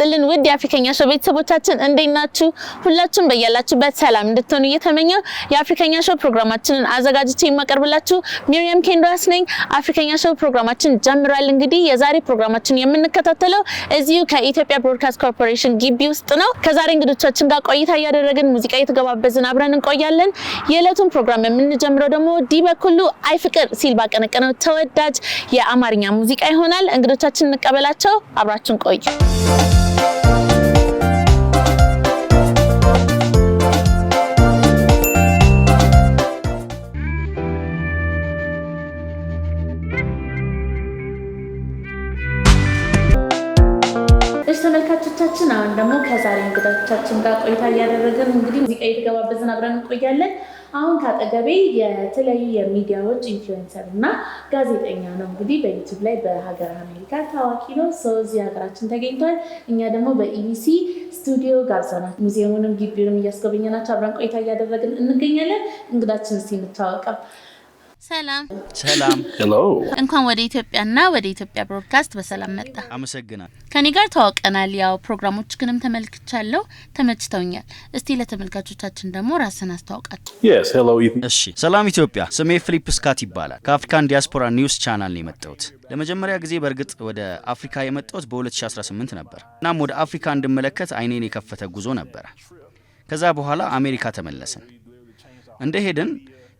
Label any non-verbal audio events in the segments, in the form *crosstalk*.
ይስጥልን ውድ የአፍሪከኛ ሾው ቤተሰቦቻችን እንዴት ናችሁ? ሁላችሁም በያላችሁበት ሰላም እንድትሆኑ እየተመኘው የአፍሪከኛ ሾው ፕሮግራማችንን አዘጋጅቼ የማቀርብላችሁ ሚሪያም ኬንዳስ ነኝ። አፍሪከኛ ሾው ፕሮግራማችን ጀምሯል። እንግዲህ የዛሬ ፕሮግራማችን የምንከታተለው እዚሁ ከኢትዮጵያ ብሮድካስት ኮርፖሬሽን ግቢ ውስጥ ነው። ከዛሬ እንግዶቻችን ጋር ቆይታ እያደረግን ሙዚቃ እየተገባበዝን አብረን እንቆያለን። የዕለቱን ፕሮግራም የምንጀምረው ደግሞ ዲበኩሉ አይ ሲል ባቀነቀነው ተወዳጅ የአማርኛ ሙዚቃ ይሆናል። እንግዶቻችን እንቀበላቸው፣ አብራችን ቆዩ። ተመልካቾቻችን አሁን ደግሞ ከዛሬ እንግዶቻችን ጋር ቆይታ እያደረግን እንግዲህ ሙዚቃ እየተገባበዝን አብረን እንቆያለን። አሁን ከአጠገቤ የተለያዩ የሚዲያዎች ኢንፍሉዌንሰር እና ጋዜጠኛ ነው። እንግዲህ በዩቱብ ላይ በሀገር አሜሪካ ታዋቂ ነው። ሰው እዚህ ሀገራችን ተገኝቷል። እኛ ደግሞ በኢቢሲ ስቱዲዮ ጋብዘናል። ሙዚየሙንም ግቢውንም እያስጎበኘናቸው አብረን ቆይታ እያደረግን እንገኛለን። እንግዳችን እስኪ እንተዋወቀው። ሰላም ሰላም። ሄሎ እንኳን ወደ ኢትዮጵያና ወደ ኢትዮጵያ ብሮድካስት በሰላም መጣ። አመሰግናል። ከኔ ጋር ተዋውቀናል። ያው ፕሮግራሞችንም ተመልክቻለሁ፣ ተመችተውኛል። እስቲ ለተመልካቾቻችን ደግሞ ራስን አስተዋውቃቸው። እሺ፣ ሰላም ኢትዮጵያ። ስሜ ፊሊፕ ስካት ይባላል። ከአፍሪካን ዲያስፖራ ኒውስ ቻናል ነው የመጣሁት። ለመጀመሪያ ጊዜ በእርግጥ ወደ አፍሪካ የመጣሁት በ2018 ነበር። እናም ወደ አፍሪካ እንድመለከት አይኔን የከፈተ ጉዞ ነበረ። ከዛ በኋላ አሜሪካ ተመለስን። እንደ ሄድን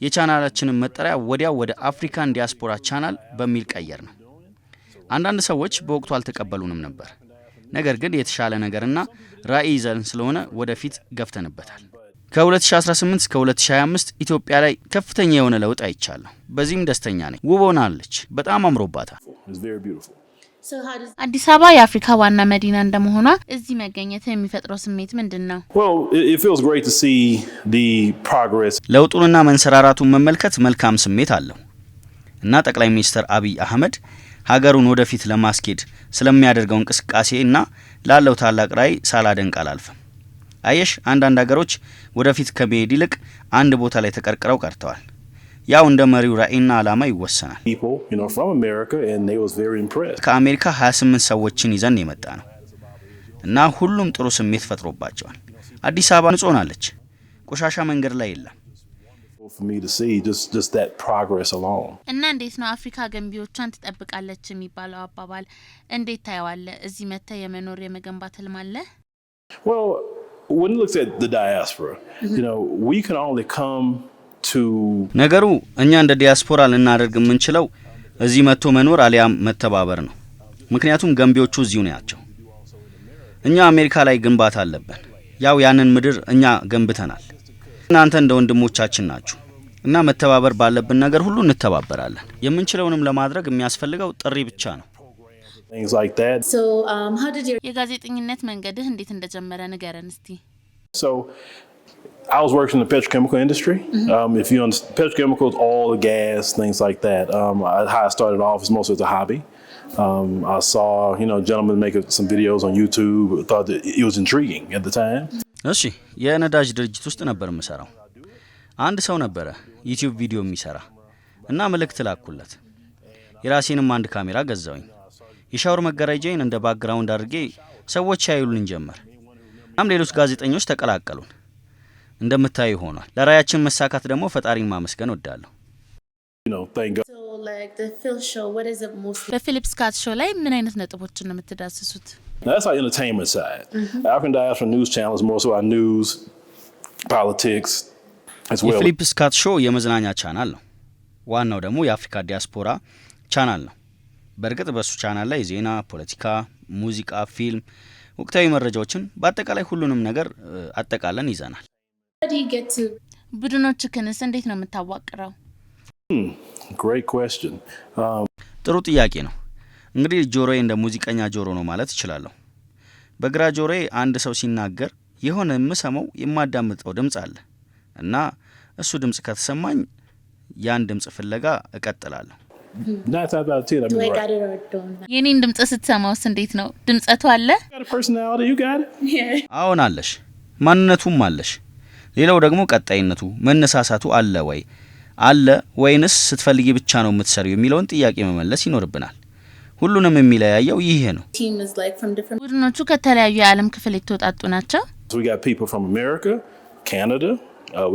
የቻናላችንን መጠሪያ ወዲያው ወደ አፍሪካን ዲያስፖራ ቻናል በሚል ቀየር ነው። አንዳንድ ሰዎች በወቅቱ አልተቀበሉንም ነበር። ነገር ግን የተሻለ ነገርና ራዕይ ይዘን ስለሆነ ወደፊት ገፍተንበታል። ከ2018 እስከ 2025 ኢትዮጵያ ላይ ከፍተኛ የሆነ ለውጥ አይቻለሁ። በዚህም ደስተኛ ነኝ። ውብ ሆናለች። በጣም አምሮባታል። አዲስ አበባ የአፍሪካ ዋና መዲና እንደመሆኗ እዚህ መገኘት የሚፈጥረው ስሜት ምንድን ነው? ለውጡንና መንሰራራቱን መመልከት መልካም ስሜት አለው እና ጠቅላይ ሚኒስትር አብይ አህመድ ሀገሩን ወደፊት ለማስኬድ ስለሚያደርገው እንቅስቃሴ እና ላለው ታላቅ ራዕይ ሳላደንቅ አላልፍም። አየሽ፣ አንዳንድ ሀገሮች ወደፊት ከመሄድ ይልቅ አንድ ቦታ ላይ ተቀርቅረው ቀርተዋል። ያው እንደ መሪው ራዕይና ዓላማ ይወሰናል። ከአሜሪካ 28 ሰዎችን ይዘን የመጣ ነው እና ሁሉም ጥሩ ስሜት ፈጥሮባቸዋል። አዲስ አበባ ንጹህ ሆናለች። ቆሻሻ መንገድ ላይ የለም እና እንዴት ነው አፍሪካ ገንቢዎቿን ትጠብቃለች የሚባለው አባባል እንዴት ታየዋለ? እዚህ መተ የመኖር የመገንባት ህልም አለ? when it looks at the diaspora, mm-hmm. you know, we can only come ነገሩ እኛ እንደ ዲያስፖራ ልናደርግ የምንችለው እዚህ መጥቶ መኖር አሊያም መተባበር ነው። ምክንያቱም ገንቢዎቹ እዚሁ ያቸው። እኛ አሜሪካ ላይ ግንባታ አለብን። ያው ያንን ምድር እኛ ገንብተናል። እናንተ እንደ ወንድሞቻችን ናችሁ እና መተባበር ባለብን ነገር ሁሉ እንተባበራለን። የምንችለውንም ለማድረግ የሚያስፈልገው ጥሪ ብቻ ነው። um, የጋዜጠኝነት መንገድህ እንዴት እንደጀመረ ንገረን እስቲ። I was working in the petrochemical industry. Mm-hmm. Um, if you understand petrochemicals, all the gas, things like that. Um, I, how I started off is mostly as a hobby. Um, I saw you know gentlemen make some videos on YouTube. Thought that it was intriguing at the time. እሺ የነዳጅ ድርጅት ውስጥ ነበር የምሰራው። አንድ ሰው ነበረ ዩቲዩብ ቪዲዮ የሚሰራ እና መልእክት ላኩለት። የራሴንም አንድ ካሜራ ገዛውኝ። የሻወር መጋረጃዬን እንደ ባክግራውንድ አድርጌ ሰዎች ያዩልን ጀመር። እናም ሌሎች ጋዜጠኞች ተቀላቀሉን። እንደምታዩ ሆኗል። ለራያችን መሳካት ደግሞ ፈጣሪ ማመስገን ወዳለሁ። በፊሊፕ ስካት ሾው ላይ ምን አይነት ነጥቦችን ነው የምትዳስሱት? Mm-hmm. የፊሊፕ ስካት ሾው የመዝናኛ ቻናል ነው። ዋናው ደግሞ የአፍሪካ ዲያስፖራ ቻናል ነው። በእርግጥ በእሱ ቻናል ላይ ዜና፣ ፖለቲካ፣ ሙዚቃ፣ ፊልም፣ ወቅታዊ መረጃዎችን በአጠቃላይ ሁሉንም ነገር አጠቃለን ይዘናል። ቡድኖችህንስ እንዴት ነው የምታዋቅረው? Um, ጥሩ ጥያቄ ነው። እንግዲህ ጆሮዬ እንደ ሙዚቀኛ ጆሮ ነው ማለት እችላለሁ። በግራ ጆሮዬ አንድ ሰው ሲናገር የሆነ የምሰማው የማዳምጠው ድምፅ አለ እና እሱ ድምፅ ከተሰማኝ ያን ድምፅ ፍለጋ እቀጥላለሁ። የኔን ድምፅ ስትሰማውስ እንዴት ነው? ድምጸቱ አለ? አዎን አለሽ፣ ማንነቱም አለሽ። ሌላው ደግሞ ቀጣይነቱ መነሳሳቱ አለ ወይ አለ ወይንስ ስትፈልጊ ብቻ ነው የምትሰሪው የሚለውን ጥያቄ መመለስ ይኖርብናል። ሁሉንም የሚለያየው ይሄ ነው። ቡድኖቹ ከተለያዩ የዓለም ክፍል የተወጣጡ ናቸው። uh,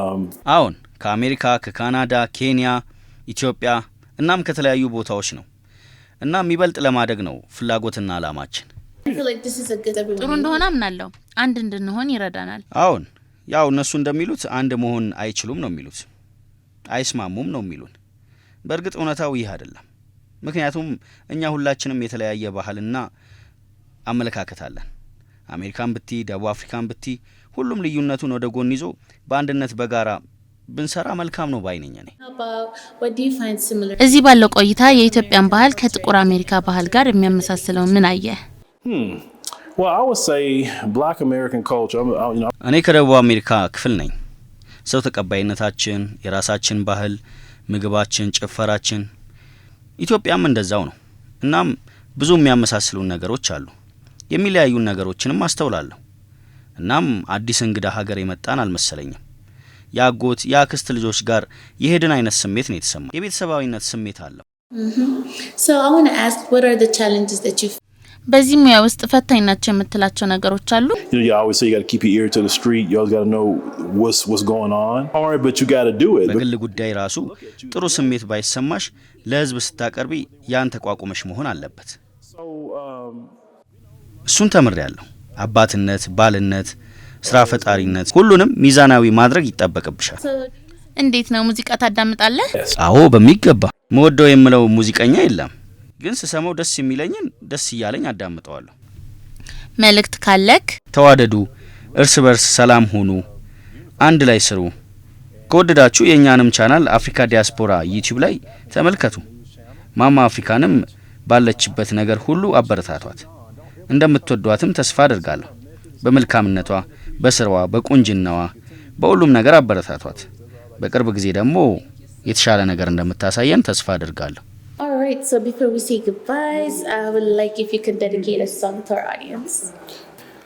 um, አሁን ከአሜሪካ፣ ከካናዳ፣ ኬንያ፣ ኢትዮጵያ እናም ከተለያዩ ቦታዎች ነው እና የሚበልጥ ለማደግ ነው ፍላጎትና ዓላማችን። ጥሩ እንደሆነ አምናለሁ። አንድ እንድንሆን ይረዳናል። አሁን ያው እነሱ እንደሚሉት አንድ መሆን አይችሉም ነው የሚሉት፣ አይስማሙም ነው የሚሉን። በእርግጥ እውነታው ይህ አይደለም። ምክንያቱም እኛ ሁላችንም የተለያየ ባህልና አመለካከት አለን። አሜሪካን ብቲ፣ ደቡብ አፍሪካን ብቲ፣ ሁሉም ልዩነቱን ወደ ጎን ይዞ በአንድነት በጋራ ብንሰራ መልካም ነው ባይነኝ። እኔ እዚህ ባለው ቆይታ የኢትዮጵያን ባህል ከጥቁር አሜሪካ ባህል ጋር የሚያመሳስለው ምን አየህ? Hmm. እኔ ከደቡብ አሜሪካ ክፍል ነኝ። ሰው ተቀባይነታችን፣ የራሳችን ባህል፣ ምግባችን፣ ጭፈራችን፣ ኢትዮጵያም እንደዛው ነው። እናም ብዙ የሚያመሳስሉን ነገሮች አሉ። የሚለያዩን ነገሮችንም አስተውላለሁ። እናም አዲስ እንግዳ ሀገር የመጣን አልመሰለኝም። የአጎት የአክስት ልጆች ጋር የሄድን አይነት ስሜት ነው የተሰማ። የቤተሰባዊነት ስሜት አለው። mm-hmm. በዚህ ሙያ ውስጥ ፈታኝ ናቸው የምትላቸው ነገሮች አሉ? በግል ጉዳይ ራሱ ጥሩ ስሜት ባይሰማሽ ለህዝብ ስታቀርቢ ያን ተቋቁመሽ መሆን አለበት። እሱን ተምሬያለሁ። አባትነት፣ ባልነት፣ ስራ ፈጣሪነት፣ ሁሉንም ሚዛናዊ ማድረግ ይጠበቅብሻል። እንዴት ነው ሙዚቃ ታዳምጣለህ? አዎ በሚገባ መወደው የምለው ሙዚቀኛ የለም ግን ስሰማው ደስ የሚለኝን ደስ እያለኝ አዳምጠዋለሁ። መልእክት ካለክ? ተዋደዱ፣ እርስ በርስ ሰላም ሁኑ፣ አንድ ላይ ስሩ። ከወደዳችሁ የእኛንም ቻናል አፍሪካ ዲያስፖራ ዩቲዩብ ላይ ተመልከቱ። ማማ አፍሪካንም ባለችበት ነገር ሁሉ አበረታቷት። እንደምትወዷትም ተስፋ አድርጋለሁ። በመልካምነቷ፣ በስራዋ፣ በቁንጅናዋ፣ በሁሉም ነገር አበረታቷት። በቅርብ ጊዜ ደግሞ የተሻለ ነገር እንደምታሳየን ተስፋ አድርጋለሁ። All right, so before we say goodbyes, I would like if you could dedicate a song to our audience.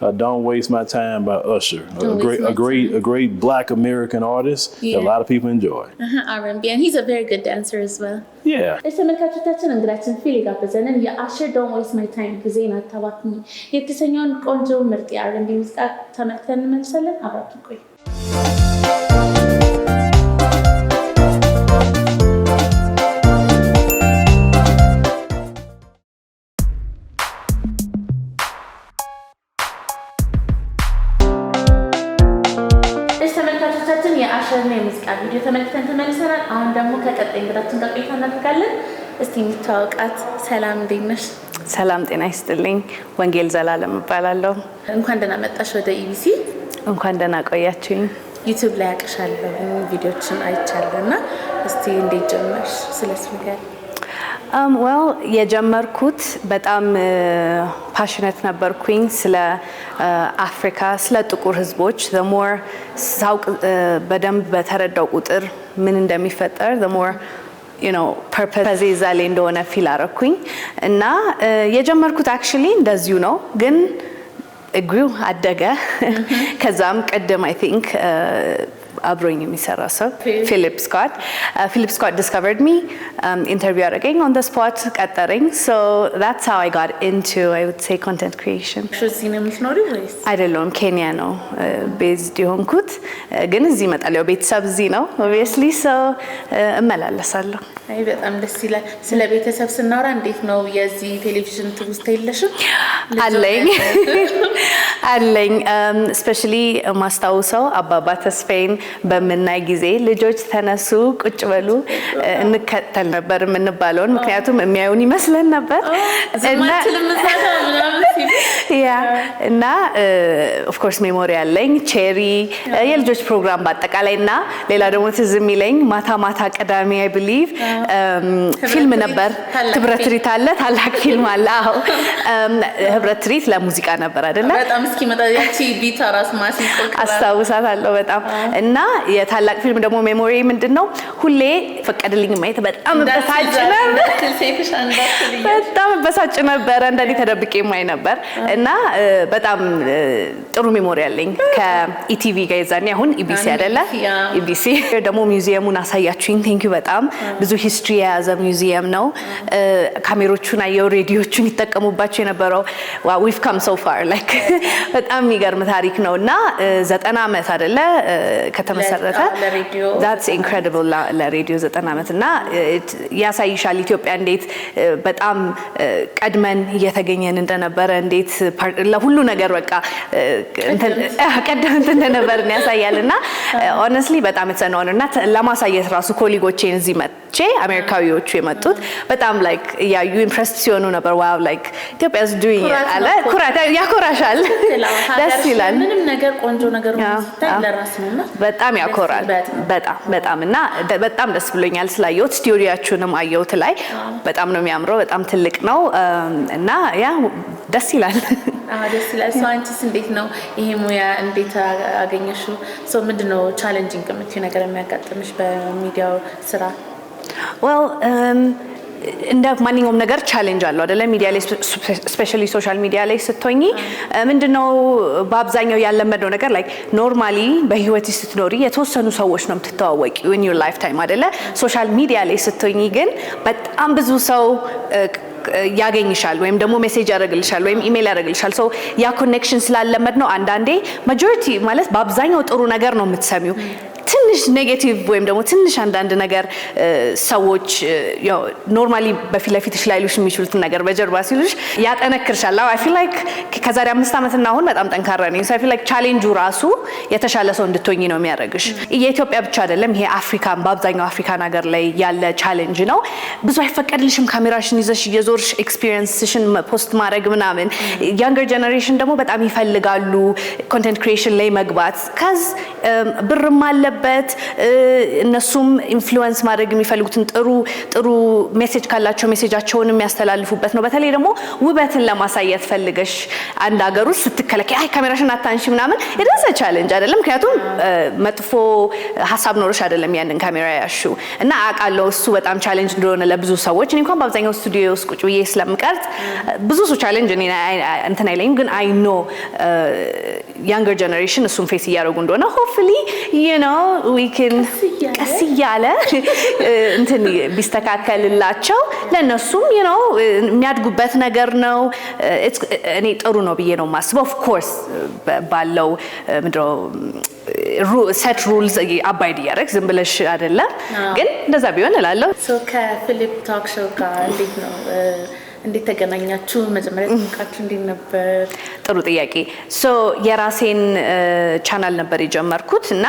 Uh, "Don't Waste My Time" by Usher, Don't a great, a great, time. a great Black American artist yeah. that a lot of people enjoy. Uh-huh, R&B, and he's a very good dancer as well. Yeah. Issa minn ng taċċin ngrazin fili għabizan, and ja Usher Don't Waste My Time kasi kizina tawakni. Jek tisanjon konġu mirti R&B mizqa tamek tanni minn xallin għabrakni kwi. የምታወቃት ሰላም እንዴት ነሽ? ሰላም ጤና ይስጥልኝ። ወንጌል ዘላለም እባላለሁ። እንኳን ደህና መጣሽ ወደ ኢቢሲ። እንኳን ደህና ቆያችሁኝ። ዩቲዩብ ላይ ያቅሻለሁ ቪዲዮችን አይቻለሁ እና እስቲ እንዴት ጀመርሽ? ስለስ ንገሪኝ። um, የጀመርኩት በጣም ፓሽነት uh, ነበርኩኝ ስለ uh, አፍሪካ፣ ስለ ጥቁር ህዝቦች ሞር ሳውቅ uh, በደንብ በተረዳው ቁጥር ምን እንደሚፈጠር ሞር ፐርፐዝ ይዛ ላይ እንደሆነ ፊል አረኩኝ እና የጀመርኩት አክቹዋሊ እንደዚሁ ነው ግን እግሪው አደገ። *laughs* ከዛም ቅድም አይ ቲንክ አብሮኝ የሚሰራ ሰው ፊሊፕ ስኮት ፊሊፕ ስኮት ዲስከቨርድ ሚ ኢንተርቪው አደረገኝ ኦን ዘ ስፖት ቀጠረኝ ሶ ዛትስ ሃው አይ ጋት ኢንቱ አይ ውድ ሴይ ኮንተንት ክሪኤሽን አይደለሁም ኬንያ ነው ቤዝድ uh, የሆንኩት uh, ግን እዚህ እመጣለሁ ቤተሰብ እዚህ ነው ኦብቪየስሊ ሰው uh, እመላለሳለሁ አይ በጣም ደስ ይላል። ስለ ቤተሰብ ስናወራ እንዴት ነው የዚህ ቴሌቪዥን ትውስታ የለሽም? አለኝ *laughs* አለኝ። ስፔሻሊ ማስታውሰው አባባ ተስፋዬን በምናይ ጊዜ ልጆች ተነሱ፣ ቁጭ በሉ እንከተል ነበር የምንባለውን፣ ምክንያቱም የሚያዩን ይመስለን ነበር እና ያ *laughs* እና ኦፍኮርስ ሜሞሪ ያለኝ ቼሪ የልጆች ፕሮግራም በአጠቃላይ እና ሌላ ደግሞ ትዝ የሚለኝ ማታ ማታ ቅዳሜ አይ um, ብሊቭ ፊልም ነበር። ህብረት ትርኢት አለ፣ ታላቅ ፊልም አለ። አዎ um, ህብረት ትርኢት ለሙዚቃ ነበር አይደለ? በጣም እስኪመጣ ያቺ ቢታ ራስ አስታውሳታለሁ በጣም እና የታላቅ ፊልም ደግሞ ሜሞሪ ምንድን ነው ሁሌ ፈቀድልኝ ማየት በጣም በሳጭ ነበር፣ በጣም በሳጭ ነበር። አንዳንዴ ተደብቄ ማይ ነበር ነበር እና በጣም ጥሩ ሜሞሪ አለኝ ከኢቲቪ ጋር የዛኔ አሁን ኢቢሲ አይደለ ኢቢሲ ደግሞ ሚውዚየሙን አሳያችሁኝ ቴንኪዩ በጣም ብዙ ሂስትሪ የያዘ ሚውዚየም ነው ካሜሮቹን አየው ሬዲዮቹን ይጠቀሙባቸው የነበረው ዊቭ ካም ሶ ፋር ላይክ በጣም የሚገርም ታሪክ ነው እና ዘጠና ዓመት አደለ ከተመሰረተ ዛትስ ኢንክሬዲብል ለሬዲዮ ዘጠና ዓመት እና ያሳይሻል ኢትዮጵያ እንዴት በጣም ቀድመን እየተገኘን እንደነበረ እንዴት ሁሉ ነገር በቃ ቀደም እንትን እንደነበርን ያሳያል። እና ኦነስትሊ በጣም የተሰነሆን እና ለማሳየት ራሱ ኮሊጎቼን እዚህ መቼ አሜሪካዊዎቹ የመጡት በጣም ላይክ እያዩ ኢምፕረስድ ሲሆኑ ነበር። ዋው ላይክ ኢትዮጵያ ስ ዱኝ አለ ኩራት ያኮራሻል፣ ደስ ይላል። ምንም ነገር ቆንጆ ነገር በጣም ያኮራል። በጣም በጣም እና በጣም ደስ ብሎኛል ስላየሁት። ስቱዲያችሁንም አየሁት ላይ በጣም ነው የሚያምረው። በጣም ትልቅ ነው እና ያ ደስ ይላል። ደስ ይላል። ሰው አንቺስ እንዴት ነው ይሄ ሙያ እንዴት አገኘሽው? ሰው ምንድን ነው ቻለንጂንግ የምትይው ነገር የሚያጋጥምሽ በሚዲያው ስራ? ዌል um, እንደ ማንኛውም ነገር ቻሌንጅ አለው አደለ? ሚዲያ ላይ ስፔሻሊ ሶሻል ሚዲያ ላይ ስትሆኚ ምንድነው በአብዛኛው ያለመደው ነገር ላይ ኖርማሊ በህይወት ስትኖሪ የተወሰኑ ሰዎች ነው የምትተዋወቂ ኢን ዩር ላይፍ ታይም አደለ? ሶሻል ሚዲያ ላይ ስትሆኚ ግን በጣም ብዙ ሰው ያገኝሻል ወይም ደግሞ ሜሴጅ ያደርግልሻል ወይም ኢሜይል ያደርግልሻል። ሰው ያ ኮኔክሽን ስላለመድ ነው። አንዳንዴ ማጆሪቲ ማለት በአብዛኛው ጥሩ ነገር ነው የምትሰሚው ትንሽ ኔጌቲቭ ወይም ደግሞ ትንሽ አንዳንድ ነገር ሰዎች ኖርማሊ በፊት ለፊትሽ ላይሉሽ የሚችሉትን ነገር በጀርባ ሲሉሽ ያጠነክርሻል። አይ ፊል ላይክ ከዛሬ አምስት ዓመትና አሁን በጣም ጠንካራ ነኝ። አይ ፊል ላይክ ቻሌንጁ ራሱ የተሻለ ሰው እንድትወኝ ነው የሚያደረግሽ የኢትዮጵያ ብቻ አይደለም ይሄ አፍሪካን፣ በአብዛኛው አፍሪካን ሀገር ላይ ያለ ቻሌንጅ ነው። ብዙ አይፈቀድልሽም ካሜራሽን ይዘሽ እየዞ የዞርሽ ኤክስፒሪየንስሽን ፖስት ማድረግ ምናምን። ያንገር ጀነሬሽን ደግሞ በጣም ይፈልጋሉ ኮንቴንት ክሪኤሽን ላይ መግባት። ከዝ um, ብርም አለበት እነሱም ኢንፍሉዌንስ ማድረግ የሚፈልጉትን ጥሩ ጥሩ ሜሴጅ ካላቸው ሜሴጃቸውን የሚያስተላልፉበት ነው። በተለይ ደግሞ ውበትን ለማሳየት ፈልገሽ አንድ ሀገር ውስጥ ስትከለከ አይ ካሜራሽን አታንሺ ምናምን የደዘ ቻለንጅ አይደለም። ምክንያቱም መጥፎ ሀሳብ ኖሮች አይደለም ያንን ካሜራ ያሹ እና አውቃለሁ እሱ በጣም ቻለንጅ እንደሆነ ለብዙ ሰዎች። እኔ እንኳን በአብዛኛው ስቱዲዮ ውስጥ ብዬ ስለምቀርጽ ብዙ ሱ ቻሌንጅ እንትን አይለኝም፣ ግን አይ ኖ ያንገር ጀነሬሽን እሱን ፌስ እያደረጉ እንደሆነ ሆፕፉሊ ዩ ኖ ዊ ካን ቀስ እያለ uh, እንትን ቢስተካከልላቸው ለእነሱም ዩ ኖ የሚያድጉበት ነገር ነው። uh, uh, እኔ ጥሩ ነው ብዬ ነው የማስበው። ኦፍኮርስ ባለው ምንድነው ሰት ሩልስ አባይድ እያደረግ ዝም ብለሽ አይደለም፣ ግን እንደዛ ቢሆን እላለሁ። ከፊሊፕ ታክ ሾው ጋር እንዴት ነው እንዴት ተገናኛችሁ? መጀመሪያ ተወቃችሁ እንዴት ነበር? ጥሩ ጥያቄ። ሶ የራሴን ቻናል ነበር የጀመርኩት እና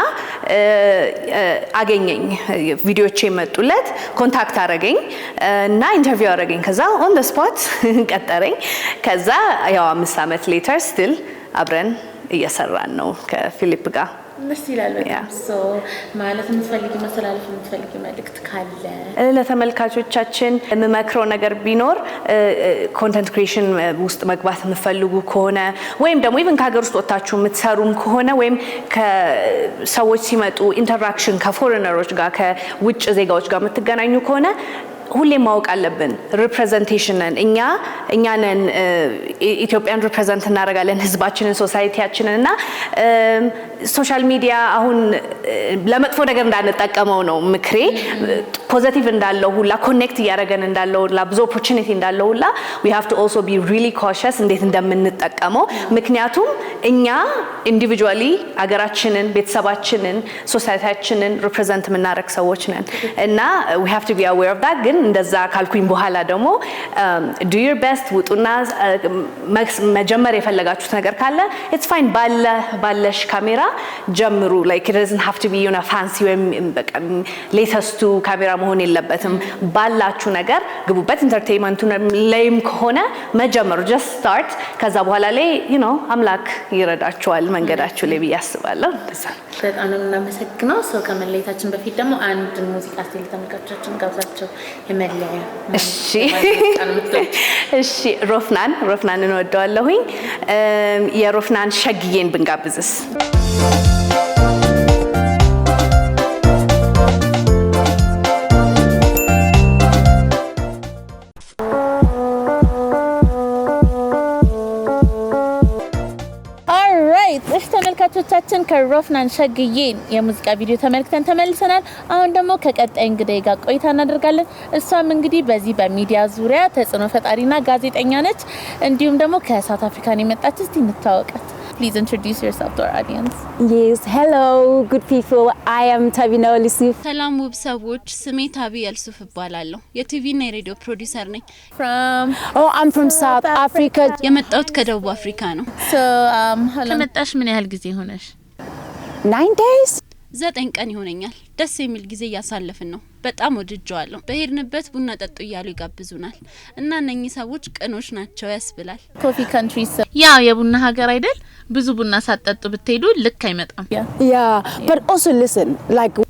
አገኘኝ፣ ቪዲዮቼ የመጡለት ኮንታክት አረገኝ እና ኢንተርቪው አረገኝ። ከዛ ኦን ስፖት *laughs* ቀጠረኝ። ከዛ ያው አምስት ዓመት ሌተር ስትል አብረን እየሰራን ነው ከፊሊፕ ጋር ደስ ይላል። ማለት የምትፈልጊ መተላለፍ የምትፈልጊ መልእክት ካለ ለተመልካቾቻችን የምመክረው ነገር ቢኖር ኮንተንት ክሬሽን ውስጥ መግባት የምትፈልጉ ከሆነ ወይም ደግሞ ኢቨን ከሀገር ውስጥ ወጥታችሁ የምትሰሩም ከሆነ ወይም ከሰዎች ሲመጡ ኢንተራክሽን ከፎሬነሮች ጋር ከውጭ ዜጋዎች ጋር የምትገናኙ ከሆነ ሁሌ ማወቅ አለብን። ሪፕሬዘንቴሽን ነን እኛ እኛ ነን ኢትዮጵያን ሪፕሬዘንት እናደርጋለን፣ ህዝባችንን፣ ሶሳይቲያችንን እና ሶሻል ሚዲያ አሁን ለመጥፎ ነገር እንዳንጠቀመው ነው ምክሬ። ፖዘቲቭ እንዳለው ሁላ ኮኔክት እያደረገን እንዳለው ሁላ ብዙ ኦፖርቹኒቲ እንዳለው ሁላ ዊ ሃቭ ቱ ኦልሶ ቢ ሪሊ ኮሸስ እንዴት እንደምንጠቀመው ምክንያቱም እኛ ኢንዲቪጁዋሊ አገራችንን፣ ቤተሰባችንን፣ ሶሳይቲያችንን ሪፕሬዘንት የምናደርግ ሰዎች ነን እና ዊ ሃቭ ቱ ቢ አዌር ኦፍ ዳት ግን እንደዛ ካልኩኝ በኋላ ደግሞ ዱ ዩር ቤስት ውጡና uh, መጀመር የፈለጋችሁት ነገር ካለ ኢትስ ፋይን ባለሽ ካሜራ ጀምሩ። ላይክ ደዝን ሀፍ ቱ ቢ ዩነ ፋንሲ ወይም ሌተስቱ um, ካሜራ መሆን የለበትም። ባላችሁ ነገር ግቡበት። ኢንተርቴንመንቱ ላይም ከሆነ መጀመሩ ጀስት ስታርት። ከዛ በኋላ ላይ ዩኖ አምላክ ይረዳችኋል መንገዳችሁ ላይ ብዬ አስባለሁ። በጣም ነው የምናመሰግነው ሰው ከመለየታችን በፊት ደግሞ አንድ ሙዚቃ ስቴል ተመልካቾችን ጋብዛቸው እሺ ሮፍናን ሮፍናን እንወደዋለሁኝ። የሮፍናን ሸግዬን ብንጋብዝስ? ቆይታችን ከሮፍናን ሸግዬ የሙዚቃ ቪዲዮ ተመልክተን ተመልሰናል። አሁን ደግሞ ከቀጣይ እንግዳይ ጋር ቆይታ እናደርጋለን። እሷም እንግዲህ በዚህ በሚዲያ ዙሪያ ተጽዕኖ ፈጣሪና ጋዜጠኛ ነች። እንዲሁም ደግሞ ከሳውት አፍሪካን የመጣች እስቲ እንታወቃት። Please introduce yourself to our audience. Yes, hello good people. I am Tabina Yusuf. ሰላም ውብ ሰዎች፣ ስሜ ታቢ ያልሱፍ እባላለሁ። የቲቪና የሬዲዮ ፕሮዲውሰር ነኝ። From Oh, I'm from South Africa. የመጣሁት ከደቡብ አፍሪካ ነው። So, um, hello ከመጣሽ ምን ያህል ጊዜ ሆነሽ? 9 days? ዘጠኝ ቀን ይሆነኛል። ደስ የሚል ጊዜ እያሳለፍን ነው። በጣም ወድጀዋለሁ። በሄድንበት ቡና ጠጡ እያሉ ይጋብዙናል እና እነኚህ ሰዎች ቅኖች ናቸው ያስብላል። ኮፊ ካንትሪ ያ የቡና ሀገር አይደል? ብዙ ቡና ሳትጠጡ ብትሄዱ ልክ አይመጣም። ያ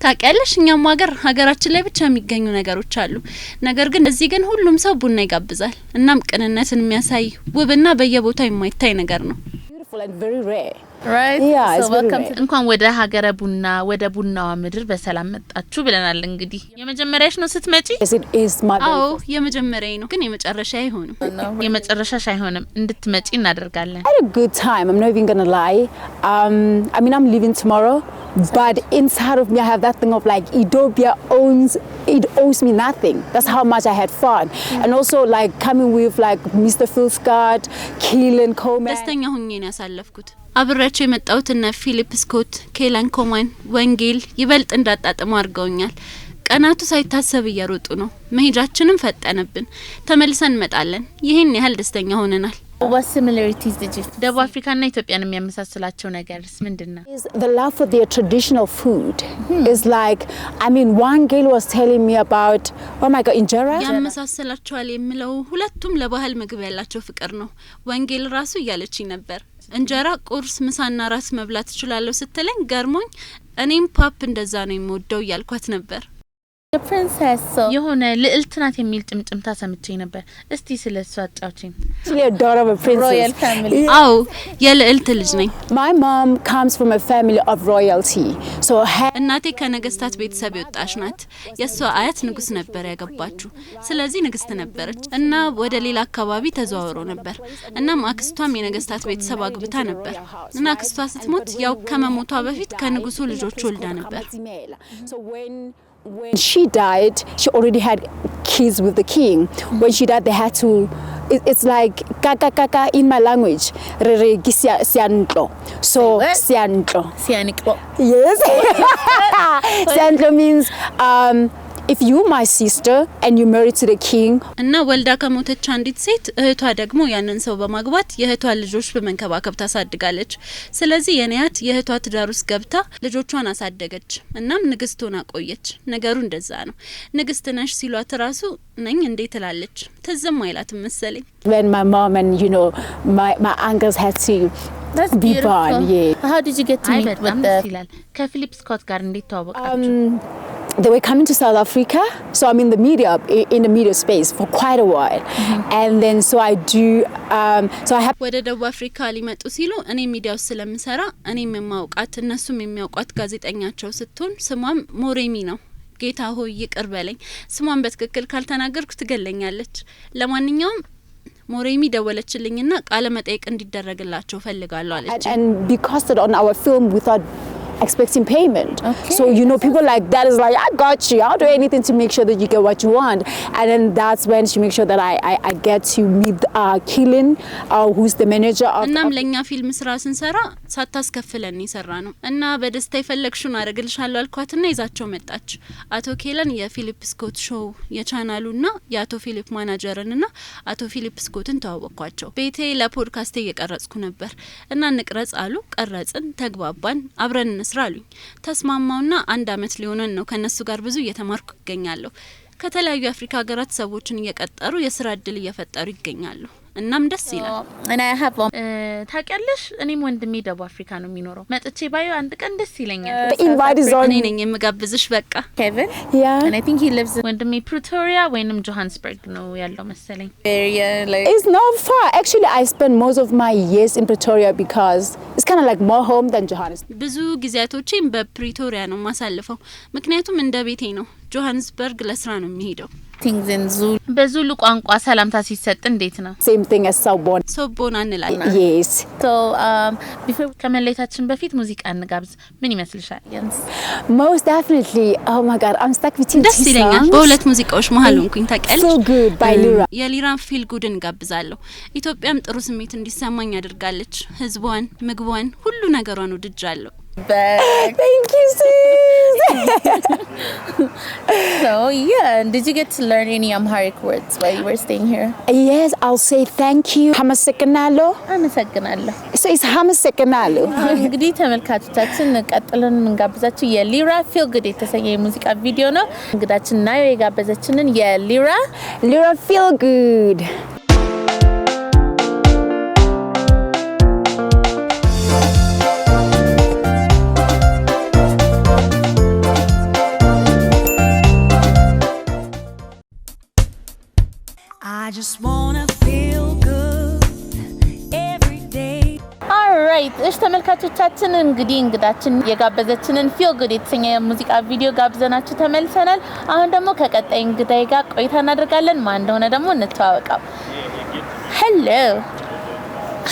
ታውቂያለሽ፣ እኛም ሀገር ሀገራችን ላይ ብቻ የሚገኙ ነገሮች አሉ። ነገር ግን እዚህ ግን ሁሉም ሰው ቡና ይጋብዛል። እናም ቅንነትን የሚያሳይ ውብና በየቦታው የማይታይ ነገር ነው። እንኳን ወደ ሀገረ ቡና ወደ ቡናዋ ምድር በሰላም መጣችሁ ብለናል። እንግዲህ የመጀመሪያሽ ነው ስትመጪ? አዎ የመጀመሪያ ነው፣ ግን የመጨረሻ አይሆንም። የመጨረሻሽ አይሆንም፣ እንድትመጪ እናደርጋለን። um, ደስተኛ ሁኜ ነው ያሳለፍኩት። አብሬያቸው የመጣሁት እነ ፊሊፕ ስኮት፣ ኬለን ኮማን፣ ወንጌል ይበልጥ እንዳጣጥሙ አድርገውኛል። ቀናቱ ሳይታሰብ እየሮጡ ነው። መሄጃችንም ፈጠነብን። ተመልሰን እንመጣለን። ይህን ያህል ደስተኛ ሆነናል። ደቡብ አፍሪካና ኢትዮጵያን የሚያመሳስላቸው ነገርስ ምንድን ነው? Hmm. Oh ያመሳስላቸዋል የምለው ሁለቱም ለባህል ምግብ ያላቸው ፍቅር ነው። ወንጌል ራሱ እያለችኝ ነበር እንጀራ ቁርስ፣ ምሳና ራት መብላት እችላለሁ ስትለኝ ገርሞኝ እኔም ፓፕ እንደዛ ነው የምወደው እያልኳት ነበር። የሆነ ልዕልት ናት የሚል ጭምጭምታ ሰምቼ ነበር። እስቲ ስለ እሱ አጫውችኝ። አዎ የልዕልት ልጅ ነኝ። እናቴ ከነገስታት ቤተሰብ የወጣች ናት። የእሷ አያት ንጉስ ነበር ያገባችሁ፣ ስለዚህ ንግስት ነበረች እና ወደ ሌላ አካባቢ ተዘዋውሮ ነበር። እናም አክስቷም የነገስታት ቤተሰብ አግብታ ነበር እና አክስቷ ስትሞት ያው ከመሞቷ በፊት ከንጉሱ ልጆች ወልዳ ነበር when she died, she already had kids with the king. When she died, they had to. it's like kaka kaka in my language. So, sianto. So Yes. *laughs* *laughs* sianto means um, እና ወልዳ ከሞተች አንዲት ሴት እህቷ ደግሞ ያንን ሰው በማግባት የእህቷን ልጆች በመንከባከብ ታሳድጋለች። ስለዚህ የነያት የእህቷ ትዳር ውስጥ ገብታ ልጆቿን አሳደገች፣ እናም ንግስት ሆና ቆየች። ነገሩ እንደዛ ነው። ንግስት ነሽ ሲሏት ራሱ ነኝ እንዴ ትላለች። ትዝም አይላትም መሰለኝ ከፊሊፕ ስኮት ጋር እንዴት ተዋወቃችሁ? they were coming to South Africa, so I'm in the media in the media space for quite a while, mm-hmm. and then so I do um, so I have ወደ ደቡብ አፍሪካ ሊመጡ ሲሉ እኔ ሚዲያ ስለምሰራ እኔም የማውቃት እነሱም የሚያውቋት ጋዜጠኛቸው ስትሆን ስሟም ሞሬሚ ነው። ጌታ ሆይ ይቅር በለኝ፣ ስሟን በትክክል ካልተናገርኩ ትገለኛለች። ለማንኛውም ሞሬሚ ደወለችልኝና ቃለ መጠይቅ እንዲደረግላቸው ፈልጋለሁ አለች። expecting payment. Okay. So you know, people like that is like, I got you. I'll do anything to make sure that you get what you want. And then that's when she makes sure that I, I, I get to meet uh, Keelan, uh, who's the manager of. እናም ለእኛ ፊልም ስራ ስንሰራ ሳታስከፍለን የሰራ ነው እና በደስታ የፈለግሽውን አረግልሻለሁ አልኳትና ይዛቸው መጣች። አቶ ኬለን የፊሊፕ ስኮት ሾው የቻናሉና የአቶ ፊሊፕ ማናጀርንና አቶ ፊሊፕ ስኮትን ተዋወቅኳቸው። ቤቴ ለፖድካስቴ እየቀረጽኩ ነበር እና እንቅረጽ አሉ። ቀረጽን፣ ተግባባን፣ አብረን እንስ ስራ አሉኝ። ተስማማውና አንድ አመት ሊሆነን ነው። ከእነሱ ጋር ብዙ እየተማርኩ ይገኛለሁ። ከተለያዩ የአፍሪካ ሀገራት ሰዎችን እየቀጠሩ የስራ እድል እየፈጠሩ ይገኛሉ። እናም ደስ ይላል። uh, ታውቂያለሽ፣ እኔም ወንድሜ ደቡብ አፍሪካ ነው የሚኖረው። መጥቼ ባዩ አንድ ቀን ደስ ይለኛል። እኔ ነኝ የምጋብዝሽ። በቃ ወንድሜ ፕሪቶሪያ ወይንም ጆሃንስበርግ ነው ያለው መሰለኝ። ብዙ ጊዜያቶቼም በፕሪቶሪያ ነው የማሳልፈው፣ ምክንያቱም እንደ ቤቴ ነው። ጆሃንስበርግ ለስራ ነው የሚሄደው በዙሉ ቋንቋ ሰላምታ ሲሰጥ እንዴት ነው? ሶቦን እንላለን። um, ከመለየታችን በፊት ሙዚቃ እንጋብዝ። ምን ይመስልሻል? Oh ደስ ይለኛል። በሁለት ሙዚቃዎች መሀል ሆንኩኝ ታውቂያለሽ። የሊራን ፊል ጉድ እንጋብዛለሁ። ኢትዮጵያም ጥሩ ስሜት እንዲሰማኝ አድርጋለች። ህዝቧን፣ ምግቧን፣ ሁሉ ነገሯን ወድጃለሁ። back. Thank you, sis. *laughs* so yeah, did you get to learn any Amharic um, words while you were staying here? Yes, I'll say thank you. አመሰግናለሁ አመሰግናለሁ so it's አመሰግናለሁ እንግዲህ ተመልካቾቻችን ቀጥለን እንጋብዛችሁ የሊራ ፊል ጉድ የተሰኘ የሙዚቃ ቪዲዮ ነው። እንግዳችን ናዮ የጋበዘችንን የሊራ ሊራ ፊል ጉድ ራይት እሽ ተመልካቾቻችን እንግዲህ እንግዳችን የጋበዘችንን ፊል ጉድ የተሰኘ የሙዚቃ ቪዲዮ ጋብዘናችሁ ተመልሰናል። አሁን ደግሞ ከቀጣይ እንግዳይ ጋር ቆይታ እናደርጋለን። ማን እንደሆነ ደግሞ እንተዋወቀው። ሄሎ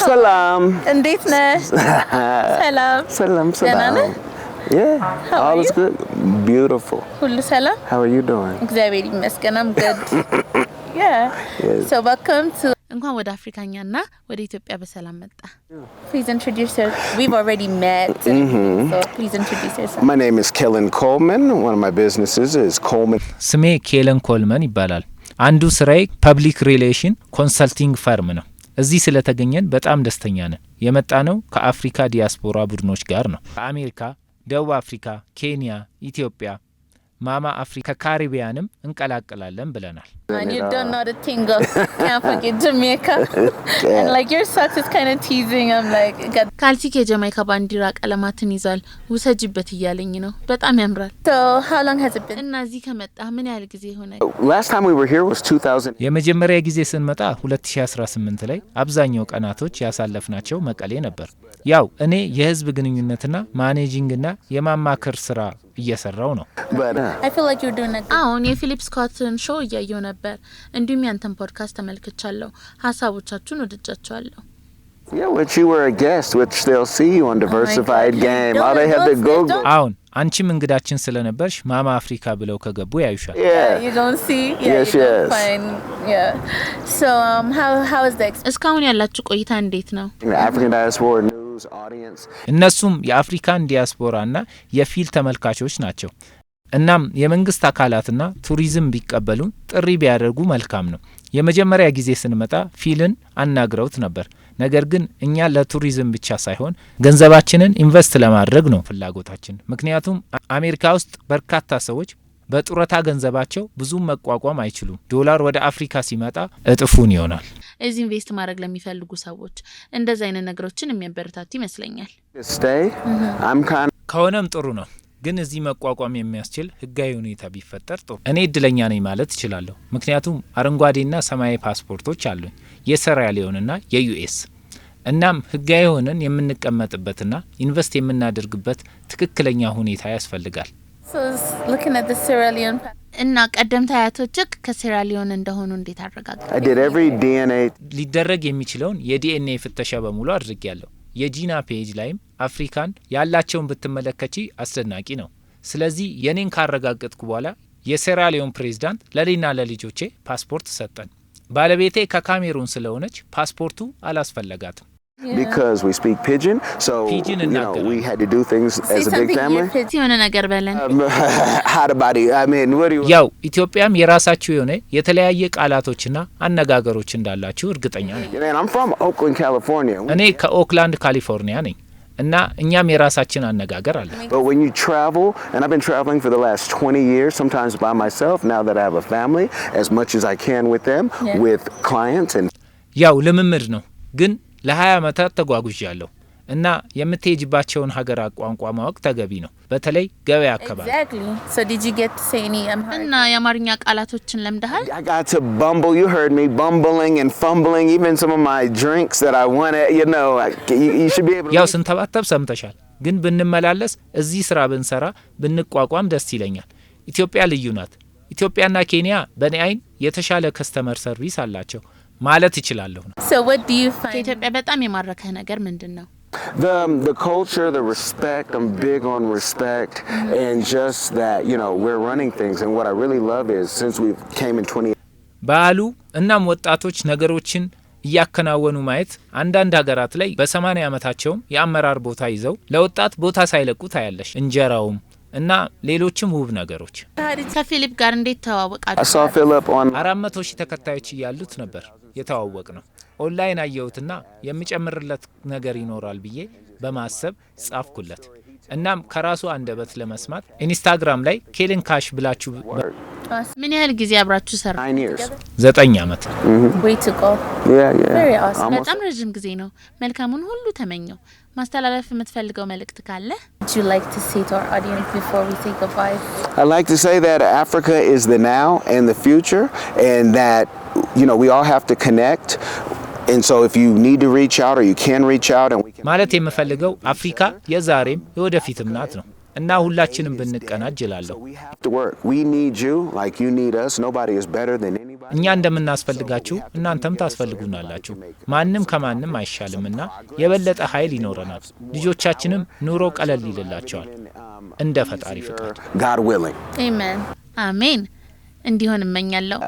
ሰላም፣ እንዴት ነህ? ሰላም ሰላም እግዚአብሔር ይመስገናም። *laughs* እንኳን ወደ አፍሪካኛና ወደ ኢትዮጵያ በሰላም መጣ። mm-hmm. ስሜ ኬለን ኮልመን ይባላል። አንዱ ስራዬ ፐብሊክ ሪሌሽን ኮንሰልቲንግ ፈርም ነው። እዚህ ስለተገኘን በጣም ደስተኛ ነን። የመጣ ነው ከአፍሪካ ዲያስፖራ ቡድኖች ጋር ነው። ከአሜሪካ፣ ደቡብ አፍሪካ፣ ኬንያ፣ ኢትዮጵያ፣ ማማ አፍሪካ ከካሪቢያንም እንቀላቀላለን ብለናል። And you don't know the tingle. *laughs* Can't forget Jamaica. And like your socks is kind of teasing. I'm like, God. ካልቲክ የጀማይካ ባንዲራ ቀለማትን ይዟል። ውሰጅበት እያለኝ ነው። በጣም ያምራል። So how long has it been? እና እዚህ ከመጣ ምን ያህል ጊዜ ሆነ? Last time we were here was 2000. የመጀመሪያ ጊዜ ስንመጣ 2018 ላይ አብዛኛው ቀናቶች ያሳለፍናቸው መቀሌ ነበር። ያው እኔ የህዝብ ግንኙነትና ማኔጂንግና የማማከር ስራ እየሰራው ነው። uh, አሁን የፊሊፕ ስኮትን ሾው እያየው ነበር። ነበር። እንዲሁም ያንተን ፖድካስት ተመልክቻለሁ። ሀሳቦቻችሁን ወድጃቸዋለሁ። oh አሁን አንቺም እንግዳችን ስለነበርሽ ማማ አፍሪካ ብለው ከገቡ ያዩሻል። እስካሁን ያላችሁ ቆይታ እንዴት ነው? እነሱም የአፍሪካን ዲያስፖራና የፊል ተመልካቾች ናቸው። እናም የመንግስት አካላትና ቱሪዝም ቢቀበሉን ጥሪ ቢያደርጉ መልካም ነው። የመጀመሪያ ጊዜ ስንመጣ ፊልን አናግረውት ነበር። ነገር ግን እኛ ለቱሪዝም ብቻ ሳይሆን ገንዘባችንን ኢንቨስት ለማድረግ ነው ፍላጎታችን። ምክንያቱም አሜሪካ ውስጥ በርካታ ሰዎች በጡረታ ገንዘባቸው ብዙም መቋቋም አይችሉም። ዶላር ወደ አፍሪካ ሲመጣ እጥፉን ይሆናል። እዚህ ኢንቨስት ማድረግ ለሚፈልጉ ሰዎች እንደዚህ አይነት ነገሮችን የሚያበረታቱ ይመስለኛል። ከሆነም ጥሩ ነው። ግን እዚህ መቋቋም የሚያስችል ህጋዊ ሁኔታ ቢፈጠር ጥሩ። እኔ እድለኛ ነኝ ማለት እችላለሁ፣ ምክንያቱም አረንጓዴና ሰማያዊ ፓስፖርቶች አሉኝ፣ የሴራ ሊዮንና የዩኤስ። እናም ህጋዊ ሆነን የምንቀመጥበትና ኢንቨስት የምናደርግበት ትክክለኛ ሁኔታ ያስፈልጋል። እና ቀደምት አያቶችክ ከሴራሊዮን እንደሆኑ እንዴት አረጋግጠ? ሊደረግ የሚችለውን የዲኤንኤ ፍተሻ በሙሉ አድርጌያለሁ። የጂና ፔጅ ላይም አፍሪካን ያላቸውን ብትመለከቺ አስደናቂ ነው። ስለዚህ የኔን ካረጋገጥኩ በኋላ የሴራሊዮን ፕሬዚዳንት ለኔና ለልጆቼ ፓስፖርት ሰጠን። ባለቤቴ ከካሜሩን ስለሆነች ፓስፖርቱ አላስፈለጋትም። የሆነ ነገር በለን ያው ኢትዮጵያም የራሳችሁ የሆነ የተለያየ ቃላቶችና አነጋገሮች እንዳላችሁ እርግጠኛ ነኝ። እኔ ከኦክላንድ ካሊፎርኒያ ነኝ እና እኛም የራሳችን አነጋገር አለ። ያው ልምምድ ነው ግን ለ20 ዓመታት ተጓጉዣለሁ እና የምትሄጅባቸውን ሀገር ቋንቋ ማወቅ ተገቢ ነው፣ በተለይ ገበያ አካባቢ። um, እና የአማርኛ ቃላቶችን ለምደሃል? ያው ስንተባተብ ሰምተሻል። ግን ብንመላለስ፣ እዚህ ስራ ብንሰራ፣ ብንቋቋም ደስ ይለኛል። ኢትዮጵያ ልዩ ናት። ኢትዮጵያና ኬንያ በኔ አይን የተሻለ ከስተመር ሰርቪስ አላቸው። ማለት ይችላለሁ። ከኢትዮጵያ በጣም የማረከህ ነገር ምንድን ነው? በዓሉ እናም ወጣቶች ነገሮችን እያከናወኑ ማየት አንዳንድ ሀገራት ላይ በሰማንያ ዓመታቸውም የአመራር ቦታ ይዘው ለወጣት ቦታ ሳይለቁ ታያለሽ። እንጀራውም እና ሌሎችም ውብ ነገሮች። ከፊሊፕ ጋር እንዴት ተዋወቃችሁ? አራት መቶ ሺህ ተከታዮች እያሉት ነበር የተዋወቅ ነው። ኦንላይን አየሁትና የምጨምርለት ነገር ይኖራል ብዬ በማሰብ ጻፍኩለት። እናም ከራሱ አንደበት ለመስማት ኢንስታግራም ላይ ኬልን ካሽ ብላችሁ። ምን ያህል ጊዜ አብራችሁ ሰራ? ዘጠኝ ዓመት mm-hmm. በጣም ረዥም ጊዜ ነው። መልካሙን ሁሉ ተመኘው። ማስተላለፍ የምትፈልገው መልእክት ካለ? Would you like to say to our audience before we say goodbye? I'd like to say that Africa is the now and the future and that you know we all have to connect and so if you need to reach out or you can reach out and we can ማለት የምፈልገው አፍሪካ የዛሬም የወደፊትም ናት ነው እና ሁላችንም ብንቀናጅ እላለሁ። እኛ እንደምናስፈልጋችሁ እናንተም ታስፈልጉናላችሁ። ማንም ከማንም አይሻልምና የበለጠ ኃይል ይኖረናል። ልጆቻችንም ኑሮ ቀለል ይልላቸዋል እንደ ፈጣሪ ፍቃድ። አሜን። እንዲሆን እመኛለሁ።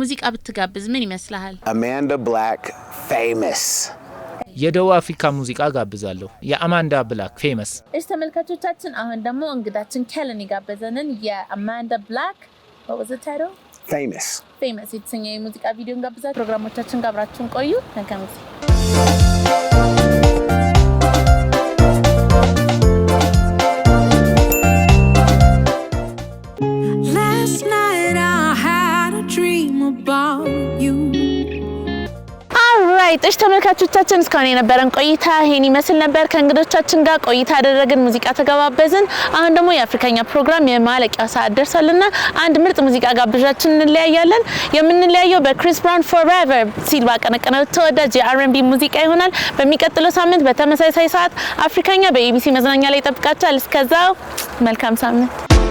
ሙዚቃ ብትጋብዝ ምን ይመስልሃል? አማንዳ ብላክ ፌመስ የደቡብ አፍሪካ ሙዚቃ ጋብዛለሁ፣ የአማንዳ ብላክ ፌመስ። እሽ ተመልካቾቻችን፣ አሁን ደግሞ እንግዳችን ከልን የጋበዘንን የአማንዳ ብላክ ፌመስ ፌመስ የተሰኘ የሙዚቃ ቪዲዮ ጋብዛ። ፕሮግራሞቻችን ጋብራችሁን ቆዩ። መልካም አይጥሽ ተመልካቾቻችን እስካሁን የነበረን ቆይታ ይሄን ይመስል ነበር። ከእንግዶቻችን ጋር ቆይታ ያደረግን፣ ሙዚቃ ተገባበዝን። አሁን ደግሞ የአፍሪካኛ ፕሮግራም የማለቂያው ሰዓት ደርሷልና አንድ ምርጥ ሙዚቃ ጋብዣችን እንለያያለን። የምንለያየው በክሪስ ብራውን ፎርቨር ሲል ባቀነቀነው ተወዳጅ የአርኤንቢ ሙዚቃ ይሆናል። በሚቀጥለው ሳምንት በተመሳሳይ ሰዓት አፍሪካኛ በኢቢሲ መዝናኛ ላይ ይጠብቃችኋል። እስከዛው መልካም ሳምንት